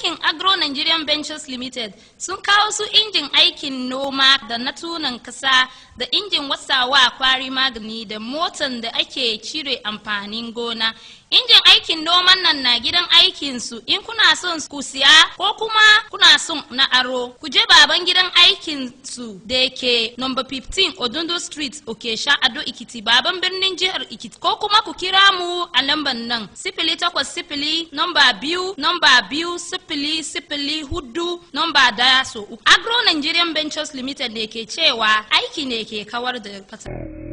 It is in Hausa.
aikin agro nigerian ventures limited sun kawo su injin aikin noma da na tunan kasa da injin wasawa kwari magani da motan da ake cire amfanin gona injin aikin noman nan na gidan aikinsu in kuna son ku siya ko kuma kuna son na aro ku je baban gidan aikinsu da ke no 15 odundo street okesha ado ikiti baban birnin jihar ikiti ko kuma ku kira mu a lambar nan sifili takwas sifili nomba biyu nomba biyu sifili sifili sifili hudu nomba daya so agro nigerian ventures limited ne ke cewa aiki ne ke kawar da fasa